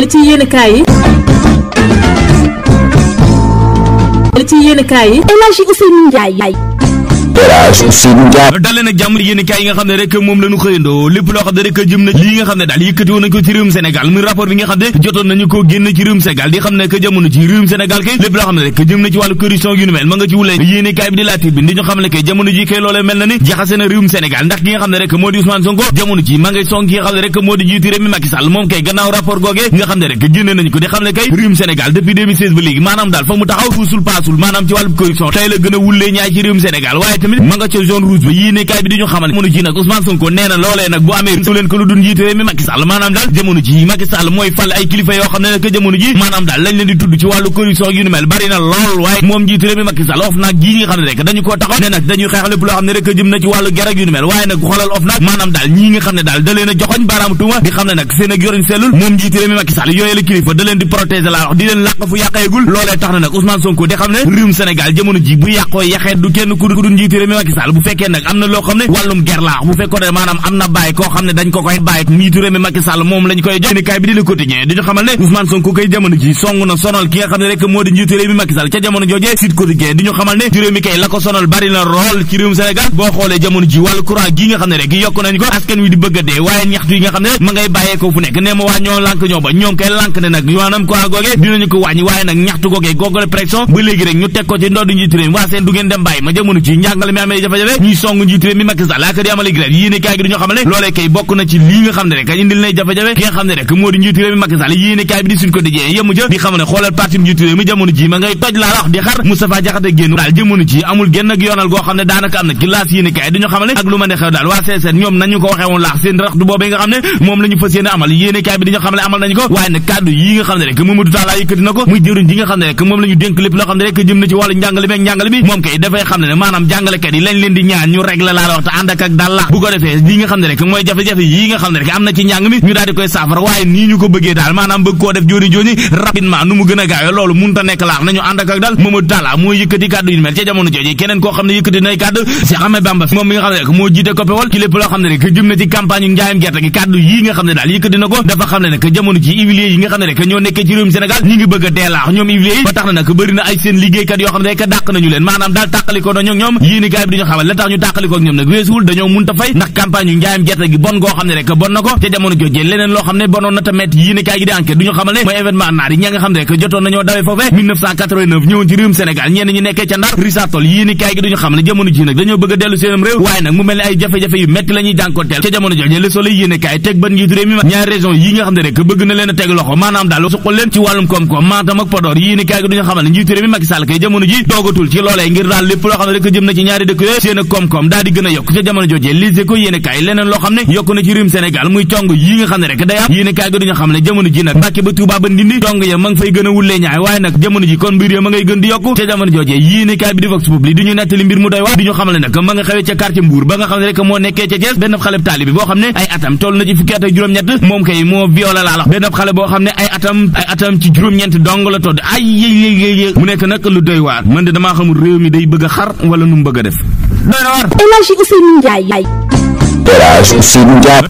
li ci yenn kaay yi li ci yenn kaay yi El Hadji Elhadji Ousseynou Ndiaye dalee nga rek lépp rek jëm na nga ko ci Sénégal rapport bi nga nañu ko génn ci Sénégal di ci Sénégal kay lépp rek jëm na ci corruption yu mel ma nga ci bi di bi ñu ji kay mel na ni jaxase na Sénégal ndax nga rek Ousmane Sonko ma ngay rek Macky Sall kay gannaaw rapport nga rek nañu ko di kay Sénégal depuis 2016 ba taxaw ci corruption la a ñaay ci réewum Sénégal mi nga ca zone rouge ba yéene kaay bi di ñu xamal nag Ousmane Sonko ko di xam ne rek dañu koo a ji bu yàqoo yaxeet du kenn ku dul njiite premier Macky bu fekkee nag am na loo xam ne wàllum ger laax bu fekkoon ne maanaam am na bàyyi ko a fu nekk nee ma waa ñoo lànk ñoo ba ñoom kay lànk ne nag maanaam courant googee dinañu ko wàññi waaye nag ñaxtu googee googale pression ba léegi rek ñu teg ko ci ndodd njiitu réew mi waa seen du ngeen dem bàyyi ma jamono ji njàngale mi jamono ji ma ngay toj laa wax di xar Moustapha Diakhaté génn daal jamono ji amul génn ak yoonal goo xam ne daanaka am na ci laas yéene kaay duñu xamal ne ak lu ma ne xew daal waa CSN ñoom nañu ko waxee woon laax seen raxdu boobee nga xam ne moom la ñu fas amal yéene kaay bi dañu xamal ne amal nañu ko waaye nag kàddu yi nga xam ne rek Mamadou Talla yëkkati na ko muy jëwriñ ji nga xam ne rek moom la ñu lépp loo xam ne rek jëm na ci wàllu njàngale kat yi lañ leen di ñaan ñu régler laa la wax te ànd ak ak dal bu ko defee li nga xam ne rek mooy jafe-jafe yi nga xam ne rek am na ci njàng mi ñu daal di koy saafara waaye nii ñu ko bëggee daal maanaam bëgg koo def jooni jooni rapidement nu mu gën a gaayo loolu ta nekk laax nañu ànd ak ak dal mamadou tala mooy yëkkati kàddu yu mel ca jamono jooju keneen koo xam ne yëkkati nay kàddu si xame bamba moom mi nga xam ne rek moo jiite coppewal ci lépp loo xam ne rek jëm na ci campagne njaayam gerte gi kàddu yi nga xam ne daal yëkkati na ko dafa xam ne nag jamono ci huilier yi nga xam ne rek ñoo nekk ci réewum sénégal ñi ngi bëgg a deelaax ñoom huilier yi ba tax na nag bëri na ay seen liggéeykat yoo xam ne rek dàq nañu leen maanaam daal tàqali ko na ñoom ñoom yéen nag ñëwoon ci réewum Sénégal ñenn ñu nekkee ca Ndar Richard Toll yéen i kaay gi duñu xamal njiitu réew mi ñaari région yi nga xam ne rek bëgg na leen a teg loxo maanaam daal suqal leen ci wàllum koom-koom Matam ak Podor yéen i kaay gi duñu xamal njiitu réew mi Macky Sall kay jamono ji doogatul ci loolee ngir daal lépp loo xam ne rek jëm na ci ñaari dëkk a ko yéene kaay leneen loo xam ne yokk na ci réewum Sénégal muy cong yi nga xam ne rek day am yéene kaay ga duñu xam ne jamono ji nag Mbàkke ba Tuubaa ba Ndindi cong ya ma fay gën a wullee ñaay waaye nag jamono ji kon mbir ya ngay gën di yokku ca jamono joojee yéene kaay bi di vox populi du nettali mbir mu doy waar di ñu xamal nag ma nga xewee ca quartier Mbour ba nga xam ne rek moo nekkee ca benn xaleb taalibe boo xam boo xam ne ay Imagine sem ninguém. Coragem sem ninguém.